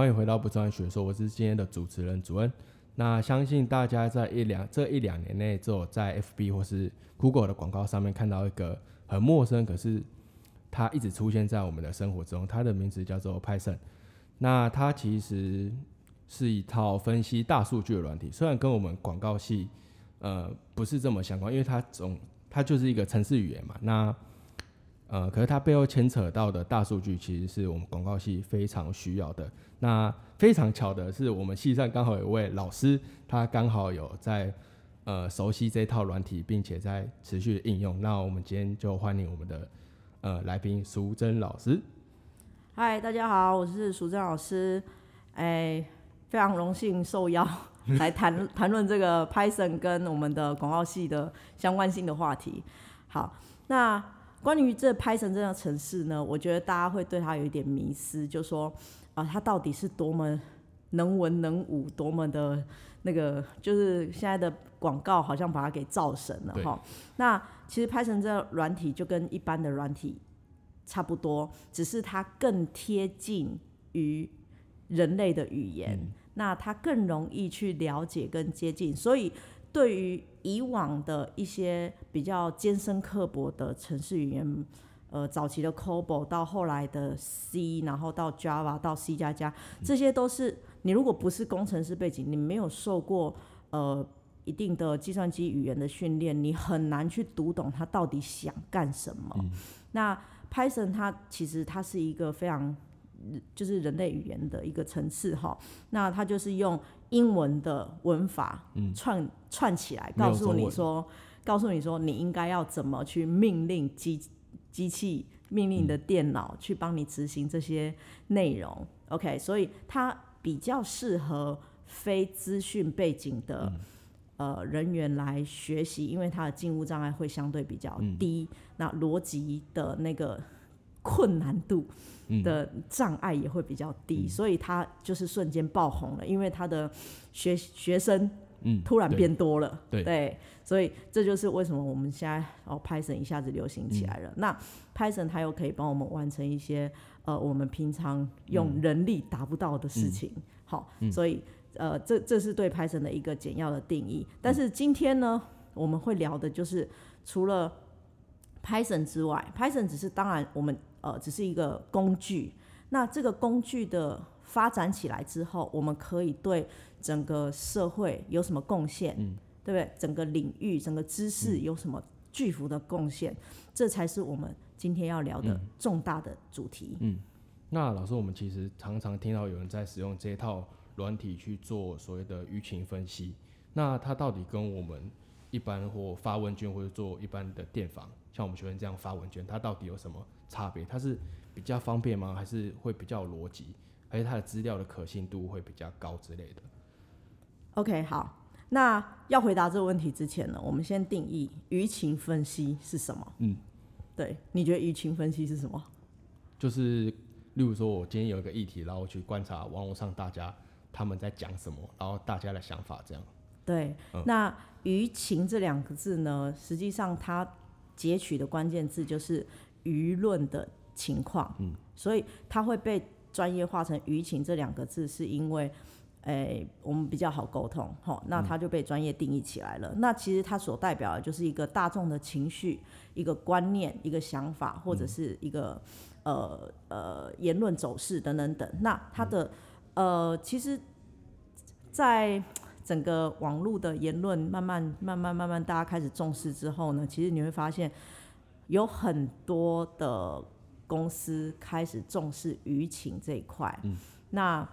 歡迎回到不專業學說，我是今天的主持人主恩。那相信大家在一兩這一兩年內，就有在 FB 或是 Google 的廣告上面看到一個很陌生，可是它一直出現在我們的生活中。它的名字叫做 Python。那它其實是一套分析大數據的軟體，雖然跟我們廣告系呃不是這麼相關，因為它總它就是一個程式語言嘛。那呃，可是它背後牽扯到的大數據，其實是我們廣告系非常需要的。那非常巧的是，我們系上剛好有位老師，他剛好有在呃熟悉這套軟體，並且在持續的應用。那我們今天就歡迎我們的呃來賓淑珍老師。嗨，大家好，我是淑珍老師。哎、欸，非常榮幸受邀 來談談論這個 Python 跟我們的廣告系的相關性的話題。好，那。關於這 Python 這個程式呢，我覺得大家會對他有一點迷思，就說啊，他到底是多麼能文能武，多麼的那個，就是現在的廣告好像把他給造神了哈。那其實 Python 這個軟體就跟一般的軟體差不多，只是它更貼近於人類的語言，嗯，那它更容易去了解跟接近。所以對於以往的一些比較艱深刻薄的程式語言，呃，早期的 Cobol 到後來的 C，然後到 Java 到 C 加加，這些都是你如果不是工程師背景，你沒有受過呃一定的計算機語言的訓練，你很難去讀懂它到底想幹什麼、嗯。那 Python 它其實它是一個非常就是人類語言的一個層次哈，那它就是用英文的文法串、嗯、串起來，告訴你說。告訴你說，你應該要怎麼去命令機器機器命令你的電腦去幫你執行這些內容、嗯、OK？所以它比較適合非資訊背景的、嗯、呃人員來學習，因為它的進入障礙會相對比較低、嗯，那邏輯的那個困難度的障礙也會比較低，嗯、所以它就是瞬間爆紅了，因為它的學學生。嗯，突然變多了、嗯對對，對，所以這就是為什麼我們現在哦 Python 一下子流行起來了。嗯、那 Python 它又可以幫我們完成一些呃我們平常用人力達不到的事情。好、嗯嗯，所以呃這這是對 Python 的一個簡要的定義。但是今天呢，嗯、我們會聊的就是除了 Python 之外，Python 只是當然我們呃只是一個工具。那這個工具的發展起來之後，我們可以對整個社會有什麼貢獻？嗯，對不對？整個領域、整個知識有什麼巨幅的貢獻、嗯？這才是我們今天要聊的重大的主題。嗯，嗯，那老師，我們其實常常聽到有人在使用這一套軟體去做所謂的輿情分析，那它到底跟我們一般或發問卷或者做一般的電訪，像我們學生這樣發問卷，它到底有什麼差別？它是比較方便嗎？還是會比較有邏輯？而且它的資料的可信度會比較高之類的。OK，好，那要回答這個問題之前呢，我們先定義輿情分析是什麼？嗯，對，你覺得輿情分析是什麼？就是，例如說，我今天有一個議題，然後我去觀察網絡上大家他們在講什麼，然後大家的想法這樣。對，嗯，那輿情這兩個字呢，實際上它截取的關鍵字就是輿論的情況，嗯，所以它會被。專業化成輿情這兩個字，是因為，誒、欸、我們比較好溝通，齁，那它就被專業定義起來了、嗯。那其實它所代表的就是一個大眾的情緒、一個觀念、一個想法，或者是一個呃呃言論走勢等等等。那它的呃，其實，在整個網絡的言論慢慢，慢慢慢慢慢慢，大家開始重視之後呢，其實你會發現有很多的。公司開始重視輿情這一塊，嗯，那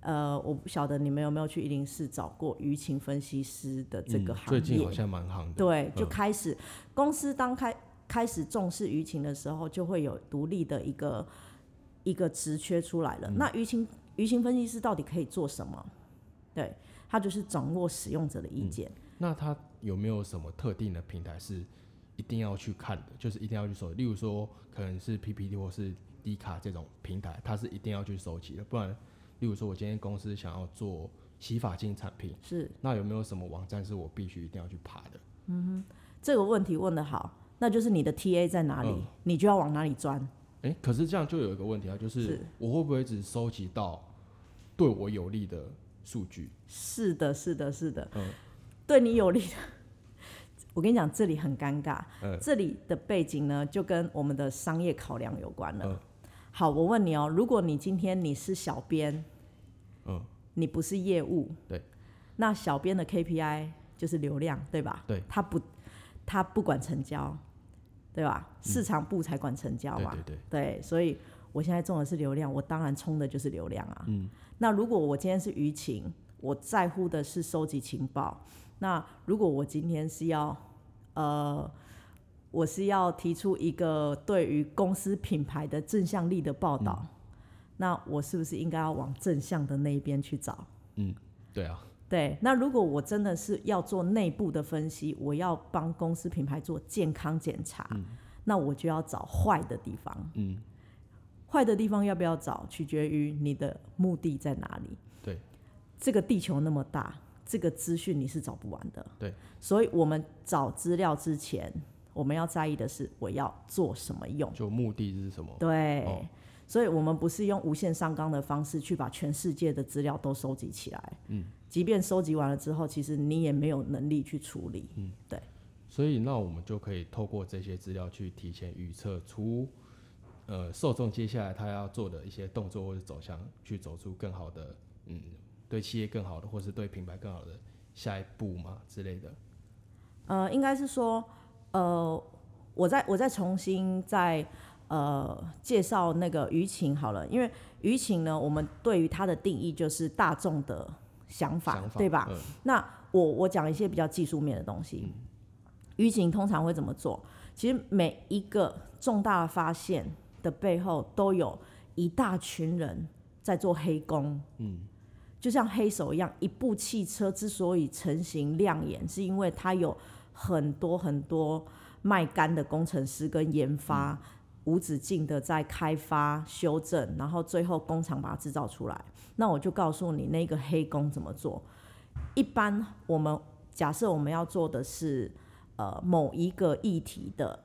呃，我不曉得你們有沒有去104找過輿情分析師的這個行業，嗯、最近好像蠻夯的。對，就開始公司當開開始重視輿情的時候，就會有獨立的一個一個職缺出來了。嗯、那輿情輿情分析師到底可以做什麼？對，他就是掌握使用者的意見、嗯。那他有沒有什麼特定的平台是？一定要去看的，就是一定要去收的。例如說，可能是 PPT 或是 D 卡這種平台，它是一定要去收集的。不然，例如說，我今天公司想要做洗髮精產品，是那有沒有什麼網站是我必須一定要去爬的？嗯哼，這個問題問得好，那就是你的 TA 在哪裡，嗯、你就要往哪裡鑽。哎、欸，可是這樣就有一個問題啊，就是我會不會只收集到對我有利的數據？是的，是的，是的，嗯，對你有利的、嗯。我跟你講，這裡很尷尬、呃。這裡的背景呢，就跟我們的商業考量有關了。呃、好，我問你哦、喔，如果你今天你是小編、呃，你不是業務，對，那小編的 KPI 就是流量，對吧？對，他不，他不管成交，嗯、對吧？市場部才管成交嘛、嗯對對對。對，所以我現在重的是流量，我當然衝的就是流量啊、嗯。那如果我今天是輿情，我在乎的是收集情報。那如果我今天是要，呃，我是要提出一個對於公司品牌的正向力的報道，嗯，那我是不是應該要往正向的那一邊去找？嗯，對啊。對，那如果我真的是要做內部的分析，我要幫公司品牌做健康檢查，嗯，那我就要找壞的地方。嗯，壞的地方要不要找，取決於你的目的在哪裡。對，這個地球那麼大。這個資訊你是找不完的，對，所以，我們找資料之前，我們要在意的是我要做什麼用，就目的是什麼？對，哦，所以，我們不是用無限上綱的方式去把全世界的資料都收集起來，嗯，即便收集完了之後，其實你也沒有能力去處理，嗯，對，所以，那我們就可以透過這些資料去提前預測出，呃，受眾接下來他要做的一些動作或者走向，去走出更好的，嗯。對企業更好的，或是對品牌更好的下一步嘛之類的，呃，應該是說，呃，我再我再重新再呃介紹那個輿情好了，因為輿情呢，我們對於它的定義就是大眾的想法，想法，對吧？嗯、那我我講一些比較技術面的東西，輿情通常會怎麼做？其實每一個重大發現的背後，都有一大群人在做黑工，嗯。就像黑手一樣，一部汽車之所以成型亮眼，是因為它有很多很多賣肝的工程師跟研發，無止境的在開發修正，然後最後工廠把它制造出來。那我就告訴你那個黑工怎麼做。一般我們假設我們要做的是呃某一個議題的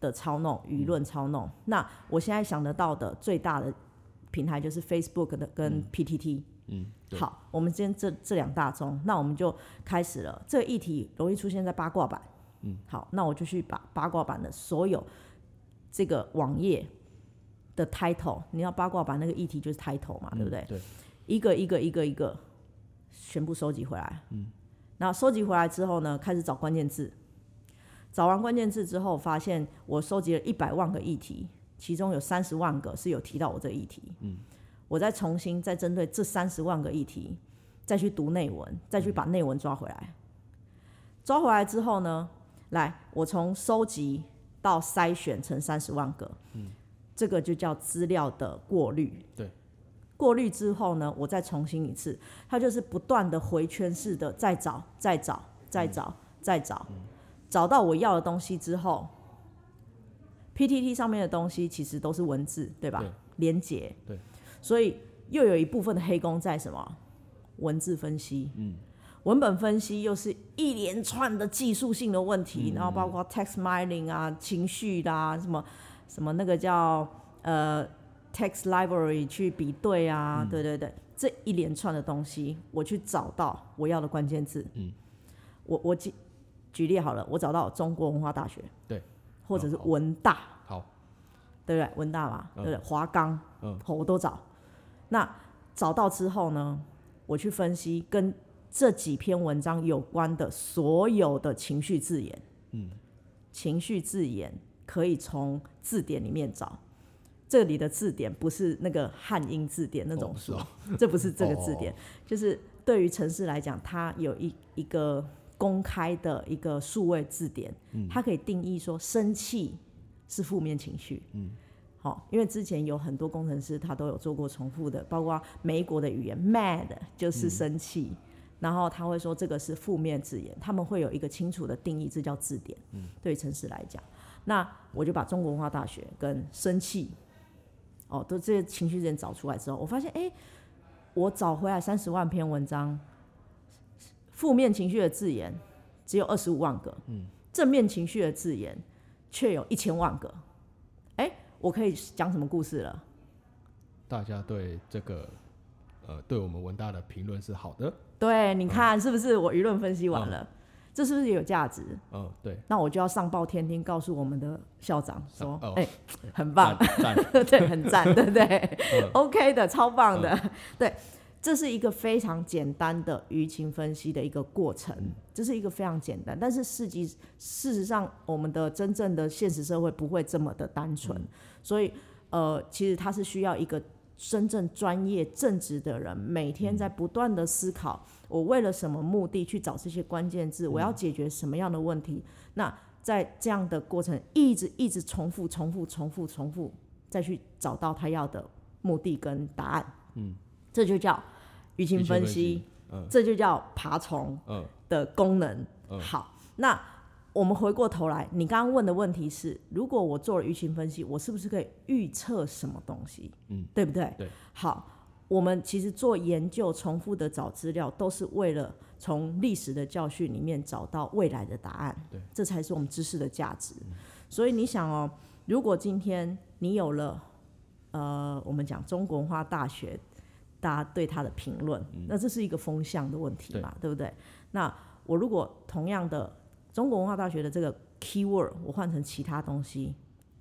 的操弄，輿論操弄。那我現在想得到的最大的平台就是 Facebook 的跟 PTT。嗯嗯，好，我們今天這這兩大宗，那我們就開始了。這個議題容易出現在八卦版，嗯，好，那我就去把八卦版的所有這個網頁的 title，你要八卦版那個議題就是 title 嘛，對不對？嗯，對。一個一個一個一個，全部收集回來。嗯。那收集回來之後呢，開始找關鍵字。找完關鍵字之後，發現我收集了一百萬個議題，其中有三十萬個是有提到我這個議題。嗯。我再重新再針對這三十萬個議題，再去讀內文，再去把內文抓回來。抓回來之後呢，來，我從收集到篩選成三十萬個、嗯，這個就叫資料的過濾。對，過濾之後呢，我再重新一次，它就是不斷的回圈式的再找、再找、再找、嗯、再找、嗯，找到我要的東西之後，PTT 上面的東西其實都是文字，對吧？對連結。對。所以又有一部分的黑工在什麼文字分析？嗯，文本分析又是一連串的技術性的問題、嗯，然後包括 text mining 啊、情緒啦、啊、什麼什麼那個叫呃 text library 去比對啊、嗯，對對對，這一連串的東西，我去找到我要的關鍵字。嗯，我我舉舉例好了，我找到中國文化大學，對，或者是文大，嗯、好，好，對不對？文大嘛，呃、對，不對，華岡，嗯、呃，我都找。那，找到之後呢？我去分析跟這幾篇文章有關的所有的情緒字眼。嗯、情緒字眼可以從字典裡面找。這裡的字典不是那個漢英字典那種書，哦哦，這不是這個字典，哦、就是對於程式來講，它有一一個公開的一個數位字典，嗯，它可以定義說，生氣是負面情緒。嗯哦，因為之前有很多工程師他都有做過重複的，包括美國的語言，mad 就是生氣，然後他會說這個是負面字眼，他們會有一個清楚的定義，這叫字典。嗯，對城市來講，那我就把中國文化大學跟生氣，哦，都這些情緒字找出來之後，我發現，哎，我找回來三十萬篇文章，負面情緒的字眼只有二十五萬個，正面情緒的字眼卻有一千萬個。我可以講什麼故事了？大家對這個，呃，對我們文大的評論是好的。對，你看、嗯、是不是？我輿論分析完了、嗯，這是不是有價值？哦、嗯，對。那我就要上報天聽，告訴我們的校長說，哎、哦欸，很棒，讚， 對，很讚， 對不對？對、嗯、OK 的，超棒的，嗯、對。這是一個非常簡單的輿情分析的一個過程，這是一個非常簡單，但是實際事實上，我們的真正的現實社會不會這麼的單純，嗯、所以呃，其實他是需要一個真正專業、正直的人，每天在不斷的思考，我為了什麼目的去找這些關鍵字，我要解決什麼樣的問題？嗯、那在這樣的過程，一直一直重複、重複、重複、重複，再去找到他要的目的跟答案。嗯，這就叫。輿情分析，輿情分析，呃，這就叫爬蟲的功能，呃呃。好，那我們回過頭來，你剛剛問的問題是：如果我做了輿情分析，我是不是可以預測什麼東西？嗯、對不對，對？好，我們其實做研究，重複的找資料，都是為了從歷史的教訓裡面找到未來的答案。這才是我們知識的價值，嗯。所以你想哦，喔，如果今天你有了呃，我們講中國文化大學。大家對他的評論，那這是一個風向的問題嘛，對，對不對？那我如果同樣的中國文化大學的這個 keyword，我換成其他東西，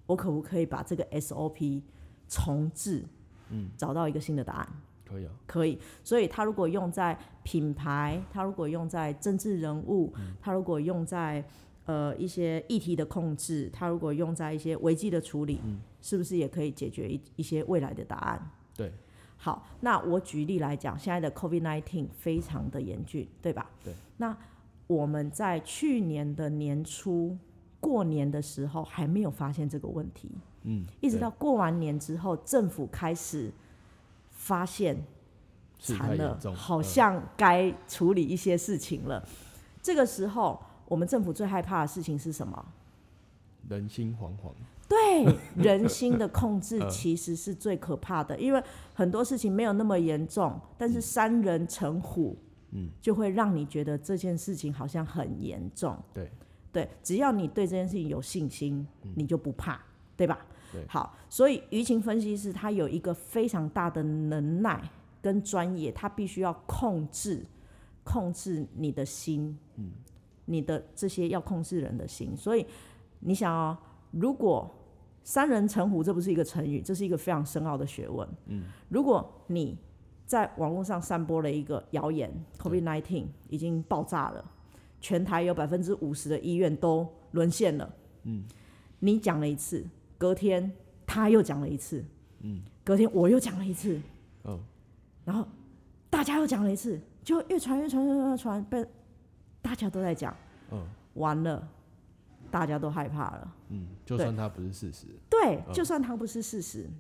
我可不可以把這個 SOP 重置，嗯，找到一個新的答案？可以啊，可以。所以它如果用在品牌，它如果用在政治人物，它、嗯、如果用在呃一些議題的控制，它如果用在一些危機的處理、嗯，是不是也可以解決一一些未來的答案？好，那我舉例來講，現在的 COVID-19 非常的嚴峻，對吧？對。那我們在去年的年初過年的時候，還沒有發現這個問題。嗯。一直到過完年之後，政府開始發現慘了，好像該處理一些事情了。嗯。這個時候，我們政府最害怕的事情是什麼？人心惶惶。對。 人心的控制其實是最可怕的，因為很多事情沒有那麼嚴重，但是三人成虎，就會讓你覺得這件事情好像很嚴重。對，只要你對這件事情有信心，你就不怕，對吧？好，所以輿情分析師他有一個非常大的能耐跟專業，他必須要控制控制你的心，嗯，你的這些要控制人的心。所以你想哦，如果三人成虎，這不是一個成語，這是一個非常深奧的學問。嗯，如果你在網絡上散播了一個謠言，COVID-19 已經爆炸了，全台有百分之五十的醫院都淪陷了。嗯，你講了一次，隔天他又講了一次。嗯，隔天我又講了一次。哦，然後大家又講了一次，就越傳越傳越傳傳越傳，被大家都在講。嗯，哦，完了。大家都害怕了。嗯，就算它不是事實。對，嗯、對就算它不是事實、嗯，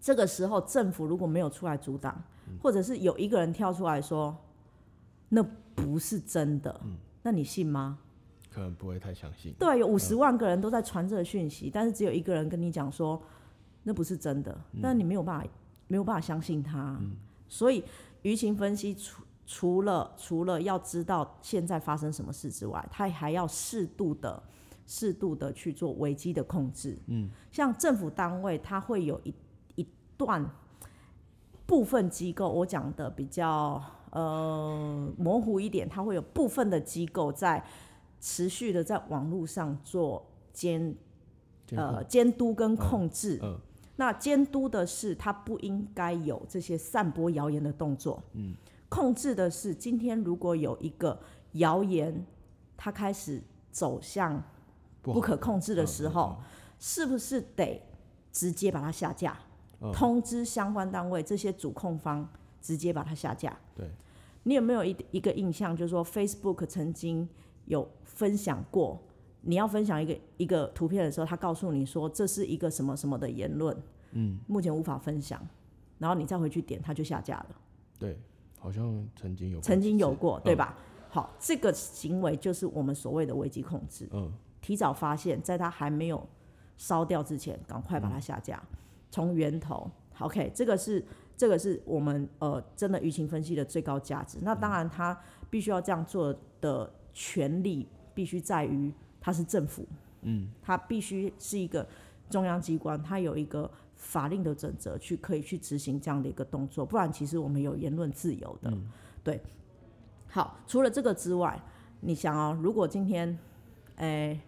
這個時候政府如果沒有出來阻擋、嗯，或者是有一個人跳出來說那不是真的、嗯，那你信嗎？可能不會太相信。對、啊，有五十萬個人都在傳這個訊息，但是只有一個人跟你講說那不是真的，但是你沒有辦法、嗯、沒有辦法相信他。嗯、所以輿情分析除除了除了要知道現在發生什麼事之外，他還要適度的。適度的去做危機的控制，嗯，像政府單位，它會有一一段部分機構，我講的比較呃模糊一點，它會有部分的機構在持續的在網絡上做監呃監督跟控制。哦哦、那監督的是它不應該有這些散播謠言的動作，嗯，控制的是今天如果有一個謠言，它開始走向。不可控制的時候、嗯嗯嗯，是不是得直接把它下架？嗯、通知相關單位，這些主控方直接把它下架。對，你有沒有一一個印象，就是說 Facebook 曾經有分享過，你要分享一個一個圖片的時候，他告訴你說這是一個什麼什麼的言論，嗯，目前無法分享，然後你再回去點，它就下架了。對，好像曾經有過曾經有過，對吧？嗯、好，這個行為就是我們所謂的危機控制。嗯。提早發現，在他還沒有燒掉之前，趕快把它下架，從、嗯、源頭。OK，這個是這個是我們呃真的輿情分析的最高價值、嗯。那當然，他必須要這樣做的權力，必須在於他是政府，嗯，他必須是一個中央機關，他有一個法令的準則去可以去執行這樣的一個動作。不然，其實我們有言論自由的、嗯。對，好，除了這個之外，你想啊、哦，如果今天，哎、欸。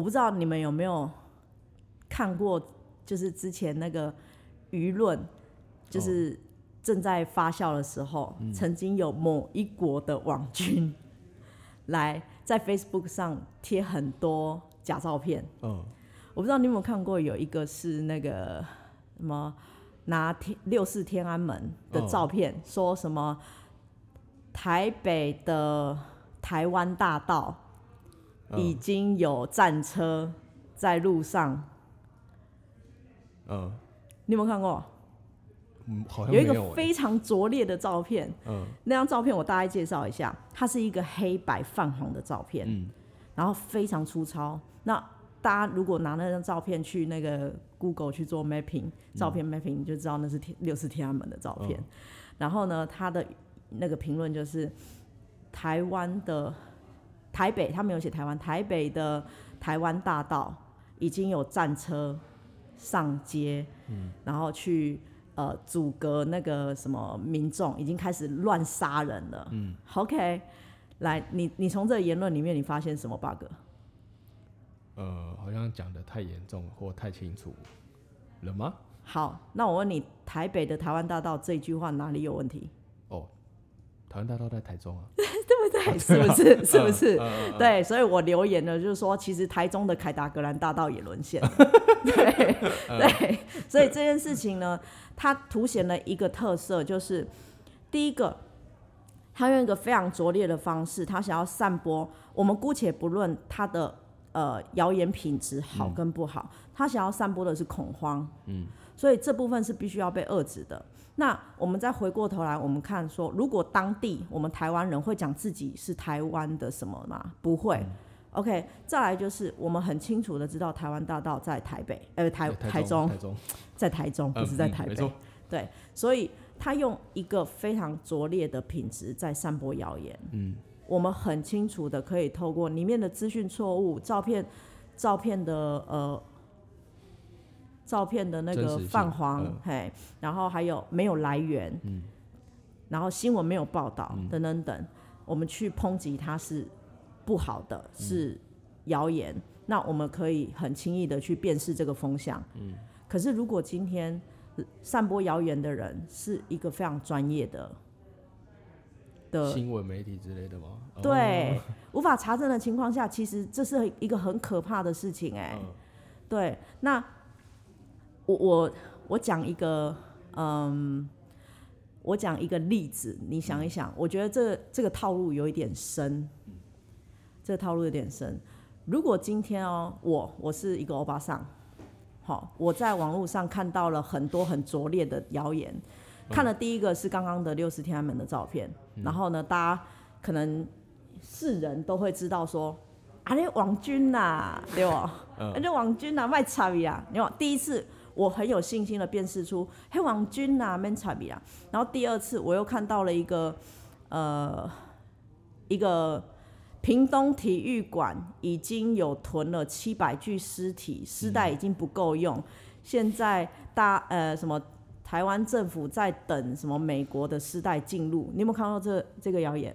我不知道你們有沒有看過，就是之前那個輿論，就是正在發酵的時候，曾經有某一國的網軍來在 Facebook 上貼很多假照片。我不知道你有沒有看過，有一個是那個什麼拿六四天安門的照片，說什麼台北的台灣大道，Uh, 已經有戰車在路上。嗯、uh，你有沒有看過？嗯、好像沒有欸。有一個非常拙劣的照片。嗯、uh。那張照片我大概介紹一下，它是一個黑白泛黃的照片，嗯，然後非常粗糙。那大家如果拿那張照片去那個 Google 去做 Mapping 照片 Mapping，你就知道那是天六四天安門的照片。Uh, 然後呢，他的那個評論就是台灣的。台北，他沒有寫台灣，台北的台灣大道已經有戰車上街，嗯，然後去，呃，阻隔那個什麼民眾，已經開始亂殺人了，嗯，OK，來，你你從這言論裡面你發現什麼 bug？呃，好像講得太嚴重或太清楚了嗎？好，那我問你，台北的台灣大道這句話哪裡有問題？臺灣大道在臺中啊， 對不對？啊對啊？是不是？嗯、是不是？嗯、對、嗯，所以我留言呢，就是說，其實臺中的凱達格蘭大道也淪陷 對、嗯，對、嗯，所以這件事情呢，它凸顯了一個特色，就是第一個，他用一個非常拙劣的方式，他想要散播。我們姑且不論他的呃謠言品質好跟不好，他、嗯、想要散播的是恐慌，嗯，所以這部分是必須要被遏制的。那我們再回過頭來，我們看說，如果當地我們台灣人會講自己是台灣的什麼嗎？不會、嗯。OK，再來就是我們很清楚的知道台灣大道在台北，呃，台、欸、台中、台中、台中，在台中，呃、不是在台北、嗯。對，所以他用一個非常拙劣的品質在散播謠言。嗯，我們很清楚的可以透過裡面的資訊錯誤、照片、照片的呃。照片的那個泛黃、嗯，嘿，然後還有沒有來源，嗯、然後新聞沒有報道，等等等、嗯，我們去抨擊它是不好的，嗯、是謠言，那我們可以很輕易的去辨識這個風向。嗯，可是如果今天散播謠言的人是一個非常專業的的新聞媒體之類的嗎？對，哦、無法查證的情況下，其實這是一個很可怕的事情、欸，哎、嗯，對，那。我我我講一個，嗯，我講一個例子，你想一想，我覺得這這個套路有一點深，這個套路有點深。如果今天哦、喔，我我是一個歐巴桑好，我在網絡上看到了很多很拙劣的謠言，嗯，看了第一個是剛剛的六十天安門的照片，嗯，然後呢，大家可能世人都會知道說，啊，那網軍吶，啊， 對不？嗯，那網軍吶，賣差評啊，你網、啊、第一次。我很有信心的辨識出黑王軍吶、啊、曼 b 比啊，然後第二次我又看到了一個，呃，一個屏東體育館已經有囤了七百具屍體，屍袋已經不夠用，嗯、現在大呃什麼台灣政府在等什麼美國的屍袋進入，你有沒有看到這這個謠言？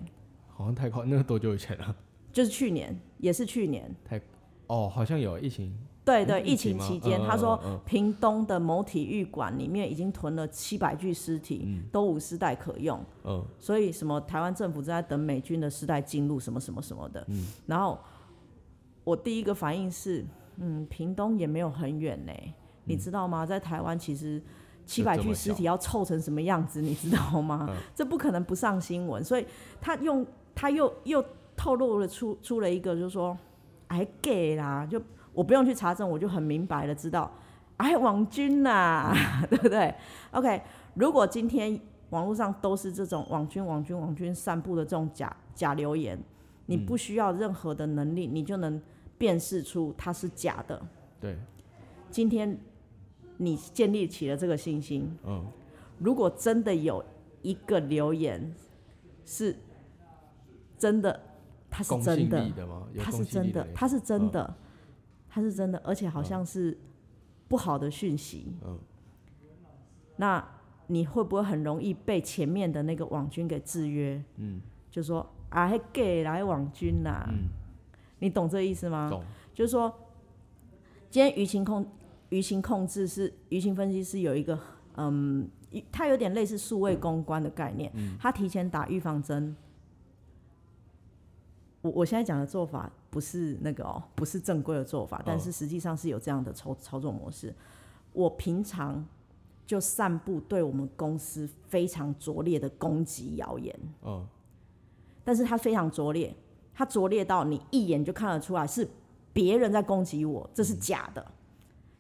好像太高那個多久以前了？就是去年，也是去年。太，哦，好像有疫情。對對、嗯，疫情期間，哦、啊啊啊啊他說屏東的某體育館裡面已經囤了七百具屍體、嗯，都無屍袋可用、嗯。所以什麼台灣政府正在等美軍的屍袋進入，什麼什麼什麼的。嗯、然後我第一個反應是，嗯，屏東也沒有很遠呢、欸嗯，你知道嗎？在台灣其實七百具屍體要湊成什麼樣子，你知道嗎、嗯？這不可能不上新聞。所以他用他又又透露了出出了一個，就是說，哎給啦，就。我不用去查證，我就很明白的知道，哎，網軍吶、啊，嗯、 對不對？OK，如果今天網絡上都是這種網軍、網軍、網軍散布的這種假假留言，你不需要任何的能力、嗯，你就能辨識出它是假的。對，今天你建立起了這個信心。嗯、哦，如果真的有一個留言是真的,它是真的,的,的，它是真的，它是真的，它是真的。他是真的，而且好像是不好的訊息。嗯、哦。那你會不會很容易被前面的那個網軍給制約？嗯。就說啊，給來、那個、網軍啦、啊。嗯。你懂這意思嗎？懂。就是說，今天輿情控、輿情控制是輿情分析是有一個嗯，他有點類似數位公關的概念。他、嗯、提前打預防針。我我現在講的做法。不是那個哦、喔，不是正規的做法，但是實際上是有這樣的操操作模式。Oh. 我平常就散布對我們公司非常拙劣的攻擊謠言，嗯、oh.，但是他非常拙劣，他拙劣到你一眼就看得出來是別人在攻擊我，這是假的、嗯。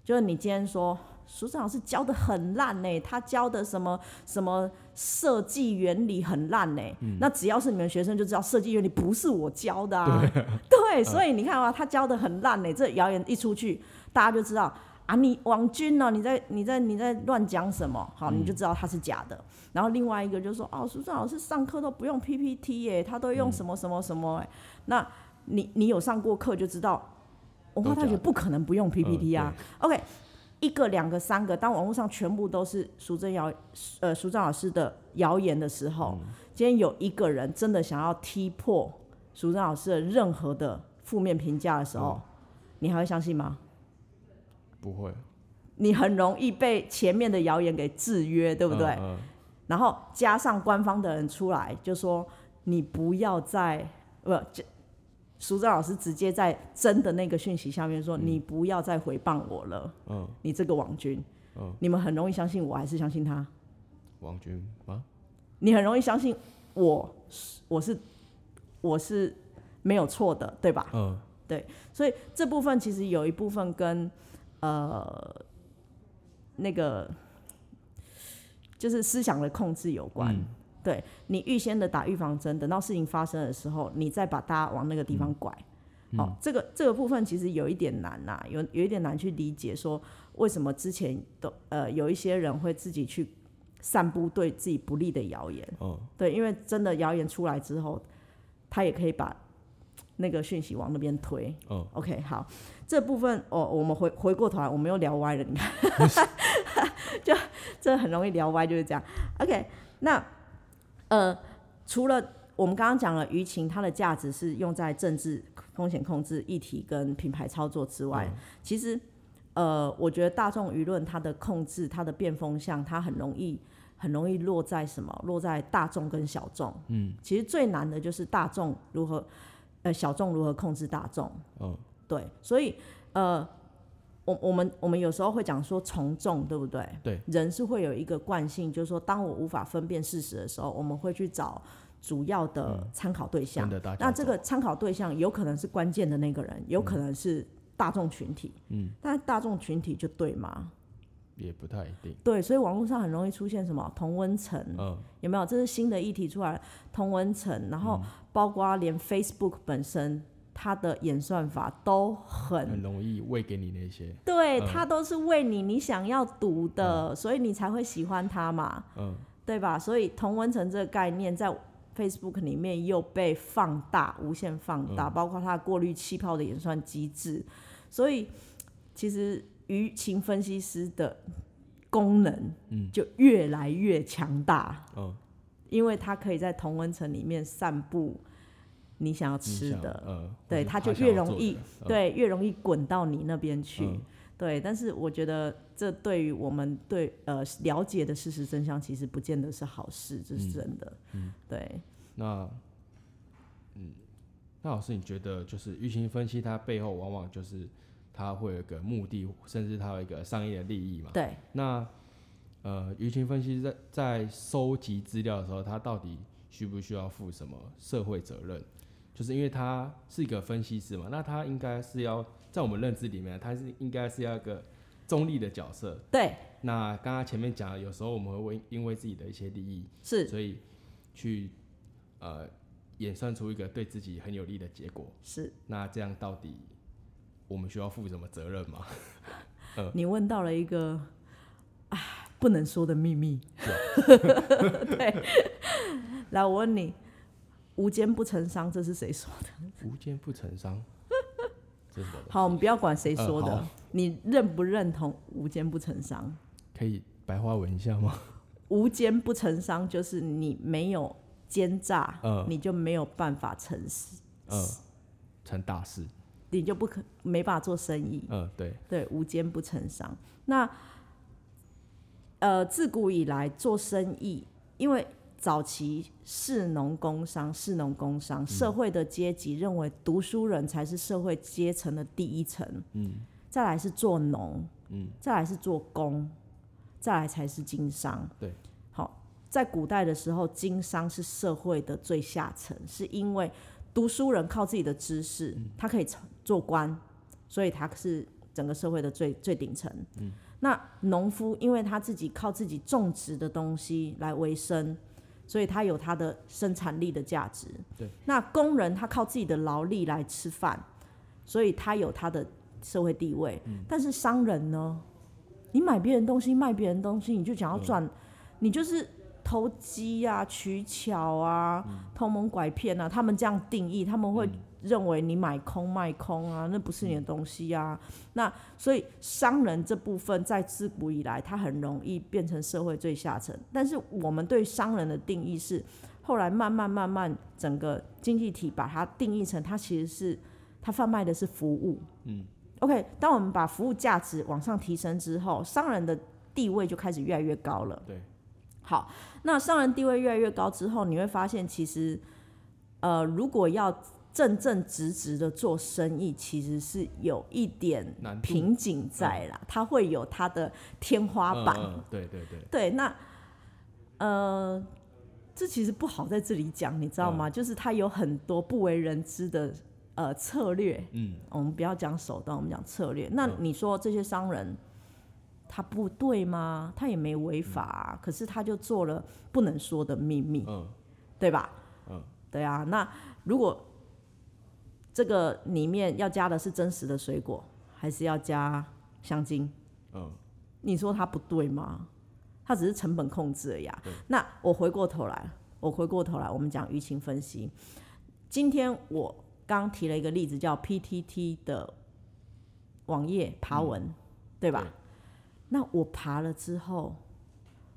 就是你今天說。署長老師教的很爛呢、欸，他教的什麼什麼設計原理很爛呢、欸嗯？那只要是你們學生就知道設計原理不是我教的啊。對，啊對啊，所以你看啊，他教的很爛呢、欸，這謠言一出去，大家就知道啊，你王軍哦、啊，你在你在你在亂講什麼？好、嗯，你就知道他是假的。然後另外一個就說哦，署長老師上課都不用 PPT 耶、欸，他都用什麼什麼什麼、欸嗯？那你你有上過課就知道，文化大學不可能不用 PPT 啊。嗯、OK。一個、兩個、三個，當網絡上全部都是淑珍謠、呃，淑珍老師的謠言的時候、嗯，今天有一個人真的想要踢破淑珍老師的任何的負面評價的時候、嗯，你還會相信嗎？不會。你很容易被前面的謠言給制約，對不對、嗯嗯？然後加上官方的人出來就說，你不要再呃……’蘇貞老師直接在真的那個訊息下面說：“嗯、你不要再回謗我了、哦，你這個網軍、哦，你們很容易相信我還是相信他，網軍嗎？你很容易相信我，我是，我是，我是沒有錯的，對吧、哦？對，所以這部分其實有一部分跟呃那個就是思想的控制有關。嗯”對你預先的打預防針，等到事情發生的時候，你再把它往那個地方拐。嗯嗯、哦，這個這個部分其實有一點難吶、啊，有有一點難去理解，說為什麼之前都呃有一些人會自己去散布對自己不利的謠言。哦，對，因為真的謠言出來之後，他也可以把那個訊息往那邊推。哦，OK，好，這部分哦，我們回回過頭來，我們又聊歪了，你看， 就這很容易聊歪，就是這樣。OK，那。呃，除了我們剛剛講了輿情，它的價值是用在政治風險控制議題跟品牌操作之外，哦、其實呃，我覺得大眾輿論它的控制、它的變風向，它很容易很容易落在什麼？落在大眾跟小眾。嗯、其實最難的就是大眾如何、呃、小眾如何控制大眾。哦、對，所以呃。我我們我們有時候會講說從眾，對不對？對，人是會有一個慣性，就是說，當我無法分辨事實的時候，我們會去找主要的參考對象。嗯。那這個參考對象有可能是關鍵的那個人，有可能是大眾群體。嗯，但大眾群體就對嗎？也不太一定。對，所以網絡上很容易出現什麼同溫層。嗯，有沒有？這是新的議題出來，同溫層，然後包括連 Facebook 本身。他的演算法都很，很容易餵給你那些，對他、嗯、都是餵你你想要讀的、嗯，所以你才會喜歡他嘛，嗯，對吧？所以同溫層這個概念在 Facebook 裡面又被放大，無限放大、嗯，包括它的過濾氣泡的演算機制，所以其實輿情分析師的功能，嗯，就越來越強大，嗯，因為他可以在同溫層裡面散布。你想要吃的，呃、的對它，就越容易，呃、對，越容易滾到你那邊去、呃，對。但是我覺得這對於我們對呃了解的事實真相，其實不見得是好事，這是真的。嗯嗯、對。那，嗯，那老師，你覺得就是輿情分析，它背後往往就是它會有一個目的，甚至它有一個商業的利益嘛？對。那，呃，輿情分析在在收集資料的時候，它到底需不需要負什麼社會責任？就是因為他是一個分析師嘛，那他應該是要在我們認知裡面，他是應該是要一個中立的角色。對。那剛剛前面講，有時候我們會因為自己的一些利益，是，所以去呃演算出一個對自己很有利的結果。是。那這樣到底我們需要負什麼責任嗎、？ 嗯？你問到了一個、啊、不能說的秘密。啊、 對。來，我問你。無奸不成商，這是誰說的？無奸不成商 的，好，我們不要管誰說的、呃，你認不認同無奸不成商？可以白話文一下嗎？無奸不成商，就是你沒有奸詐、呃，你就沒有辦法成事，嗯、呃，成大事，你就不可沒辦法做生意，嗯、呃，對，對，無奸不成商。那呃，自古以來做生意，因為。早期士農工商，士農工商，嗯，社會的階級認為讀書人才是社會階層的第一層，嗯，再來是做農，嗯，再來是做工，再來才是經商，對，好，在古代的時候，經商是社會的最下層，是因為讀書人靠自己的知識，嗯，他可以做官，所以他是整個社會的最最頂層，嗯，那農夫因為他自己靠自己種植的東西來維生。所以他有他的生產力的價值。對。那工人他靠自己的勞力來吃飯，所以他有他的社會地位。嗯、但是商人呢？你買別人東西，賣別人東西，你就想要賺、嗯，你就是投機啊、取巧啊、偷、嗯、蒙拐騙啊，他們這樣定義，他們會、嗯。認為你買空賣空啊，那不是你的東西啊。嗯、那所以商人這部分在自古以來，他很容易變成社會最下層。但是我們對商人的定義是，後來慢慢慢慢，整個經濟體把它定義成，它其實是它販賣的是服務。嗯。OK，當我們把服務價值往上提升之後，商人的地位就開始越來越高了。對。好，那商人地位越來越高之後，你會發現其實，呃，如果要正正直直的做生意，其實是有一點瓶頸在啦，它、呃、會有它的天花板、呃呃。對對對。對，那呃，這其實不好在這裡講，你知道嗎、呃？就是他有很多不為人知的呃策略。嗯。哦、我們不要講手段，我們講策略。那你說這些商人他不對嗎？他也沒違法、啊嗯，可是他就做了不能說的秘密。嗯、呃。對吧？嗯、呃。對啊。那如果。這個裡面要加的是真實的水果，還是要加香精？嗯、uh,，你說它不對嗎？它只是成本控制呀、啊。那我回過頭來，我回過頭來，我們講輿情分析。今天我剛提了一個例子，叫 P T T 的網頁爬文，嗯、對吧，對？那我爬了之後，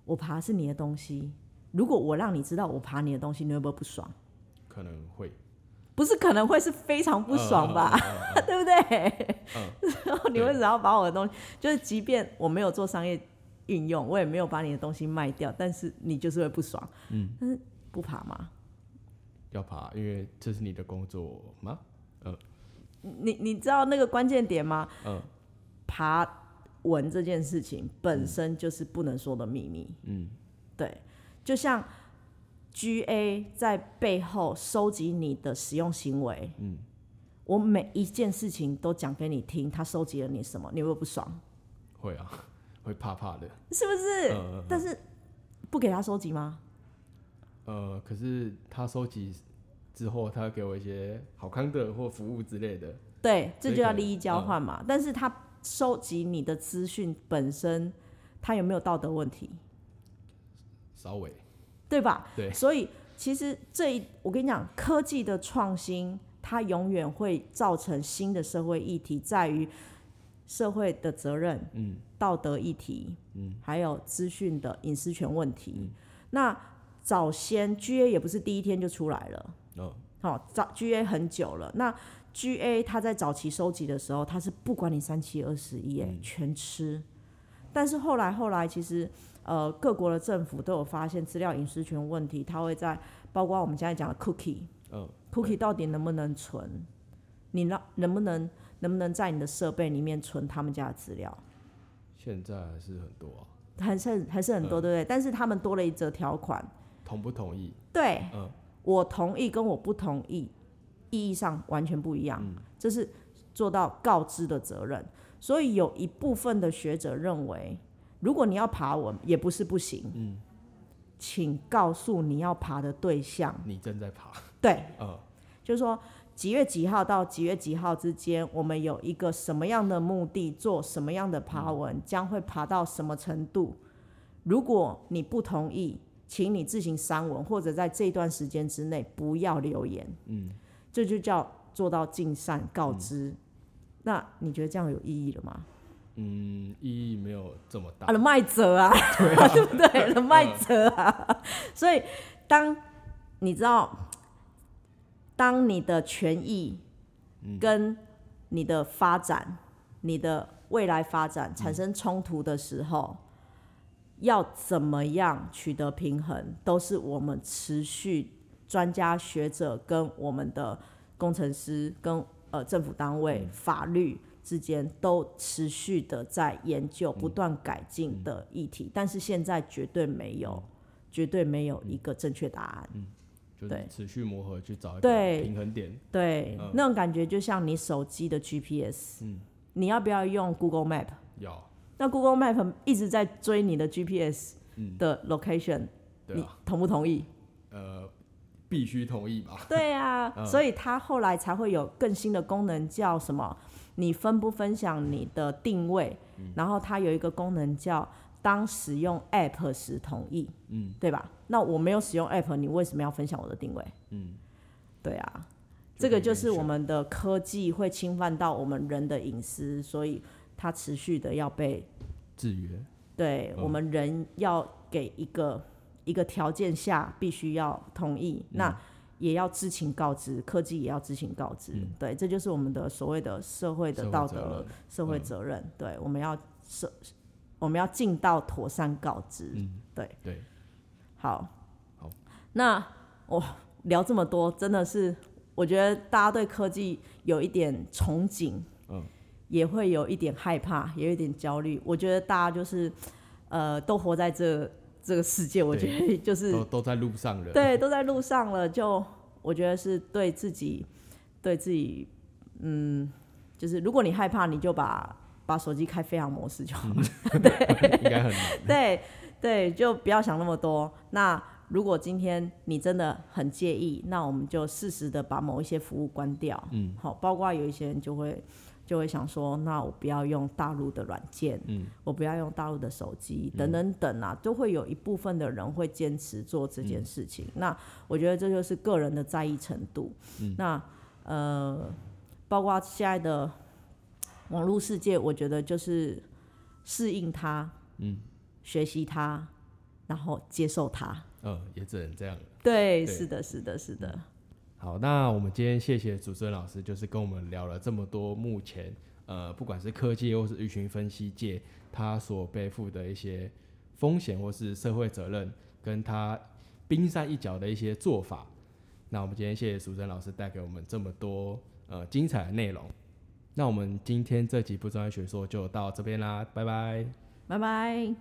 我爬的是你的東西。如果我讓你知道我爬你的東西，你會不會不爽？可能會。不是，可能會是非常不爽吧，uh,，uh, uh, uh, uh, uh, 對不對？然，uh, 後 你為什麼要把我的東西，就是即便我沒有做商業運用，我也沒有把你的東西賣掉，但是你就是會不爽。嗯，但是不爬嗎？要爬，因為這是你的工作嗎？嗯。你你知道那個關鍵點嗎？嗯。爬文這件事情本身就是不能說的秘密。嗯。對，就像。GA 在背後收集你的使用行為，嗯，我每一件事情都講給你聽，他收集了你什麼，你會不爽？會啊，會怕怕的，是不是？嗯、但是不給他收集嗎？呃、嗯，可是他收集之後，他會給我一些好康的或服務之類的。對，以以這就叫利益交換嘛、嗯。但是他收集你的資訊本身，他有沒有道德問題？稍微。對吧？對，所以其實這一，我跟你講，科技的創新，它永遠會造成新的社會議題，在於社會的責任，嗯，道德議題，嗯，還有資訊的隱私權問題。嗯、那早先 GA 也不是第一天就出來了，哦，好早 GA 很久了。那 GA 它在早期收集的時候，它是不管你三七二十一耶、嗯，全吃。但是後來，後來其實。呃，各國的政府都有發現資料隱私權問題，他會在包括我們現在講的 cookie，嗯，cookie 到底能不能存？嗯、你能不能能不能在你的設備裡面存他們家的資料？現在還是很多啊。還是還是很多，對、嗯、不對？但是他們多了一則條款。同不同意？對、嗯，我同意跟我不同意，意義上完全不一樣、嗯。這是做到告知的責任，所以有一部分的學者認為。如果你要爬文，也不是不行。嗯，請告訴你要爬的對象。你正在爬。對。呃、哦，就是說幾月幾號到幾月幾號之間，我們有一個什麼樣的目的，做什麼樣的爬文，將、嗯、會爬到什麼程度？如果你不同意，請你自行刪文，或者在這段時間之內不要留言。嗯，這就叫做到盡善告知、嗯。那你覺得這樣有意義了嗎？嗯，意義沒有這麼大。能賣折啊，對不、啊、 對？能賣折啊，所以當你知道，當你的權益跟你的發展、嗯、你的未來發展產生衝突的時候、嗯，要怎麼樣取得平衡，都是我們持續專家學者跟我們的工程師跟呃政府單位、嗯、法律之間都持續的在研究，不斷改進的議題，嗯嗯，但是現在絕對沒有，絕對沒有一個正確答案。嗯，對，持續磨合去找一個平衡點。對，對，嗯、那種感覺就像你手機的 GPS。嗯。你要不要用 Google Map？有，那 Google Map 一直在追你的 GPS 的 location，嗯、對啊。你同不同意？呃，必須同意吧。對啊，嗯，所以它後來才會有更新的功能，叫什麼？你分不分享你的定位？嗯，然後它有一個功能叫當使用 App 時同意，嗯，對吧？那我沒有使用 App，你為什麼要分享我的定位？嗯，對啊，這個就是我們的科技會侵犯到我們人的隱私，所以它持續的要被制約。對、哦，我們人要給一個一個條件下必須要同意。嗯、那也要知情告知，科技也要知情告知，嗯，對，這就是我們的所謂的社會的道德社會、嗯、社會責任，對，我們要社，我們要盡到妥善告知，嗯，對，對，對，好，好，那我聊這麼多，真的是我覺得大家對科技有一點憧憬，嗯，也會有一點害怕，也有一點焦慮，我覺得大家就是，呃，都活在這。這個世界，我覺得就是都，都在路上了。對，都在路上了。就我覺得是對自己，對自己，嗯，就是如果你害怕，你就把把手機開飛行模式就好了，嗯對。對，應該很難。對對，就不要想那麼多。那如果今天你真的很介意，那我們就適時的把某一些服務關掉。嗯，好，包括有一些人就會，就會想說，那我不要用大陸的軟件，嗯、我不要用大陸的手機，嗯、等等等啊，都會有一部分的人會堅持做這件事情。嗯、那我覺得這就是個人的在意程度。嗯、那呃、嗯，包括現在的網絡世界，我覺得就是適應它，嗯，學習它，然後接受它。嗯、哦，也只能這樣。對。對，是的，是的，是的、嗯。好，那我們今天謝謝主持人老師，就是跟我們聊了這麼多，目前呃，不管是科技或是輿情分析界，他所背負的一些風險或是社會責任，跟他冰山一角的一些做法。那我們今天謝謝主持人老師帶給我們這麼多呃精彩的內容。那我們今天這集不專業學說就到這邊啦，拜拜，拜拜。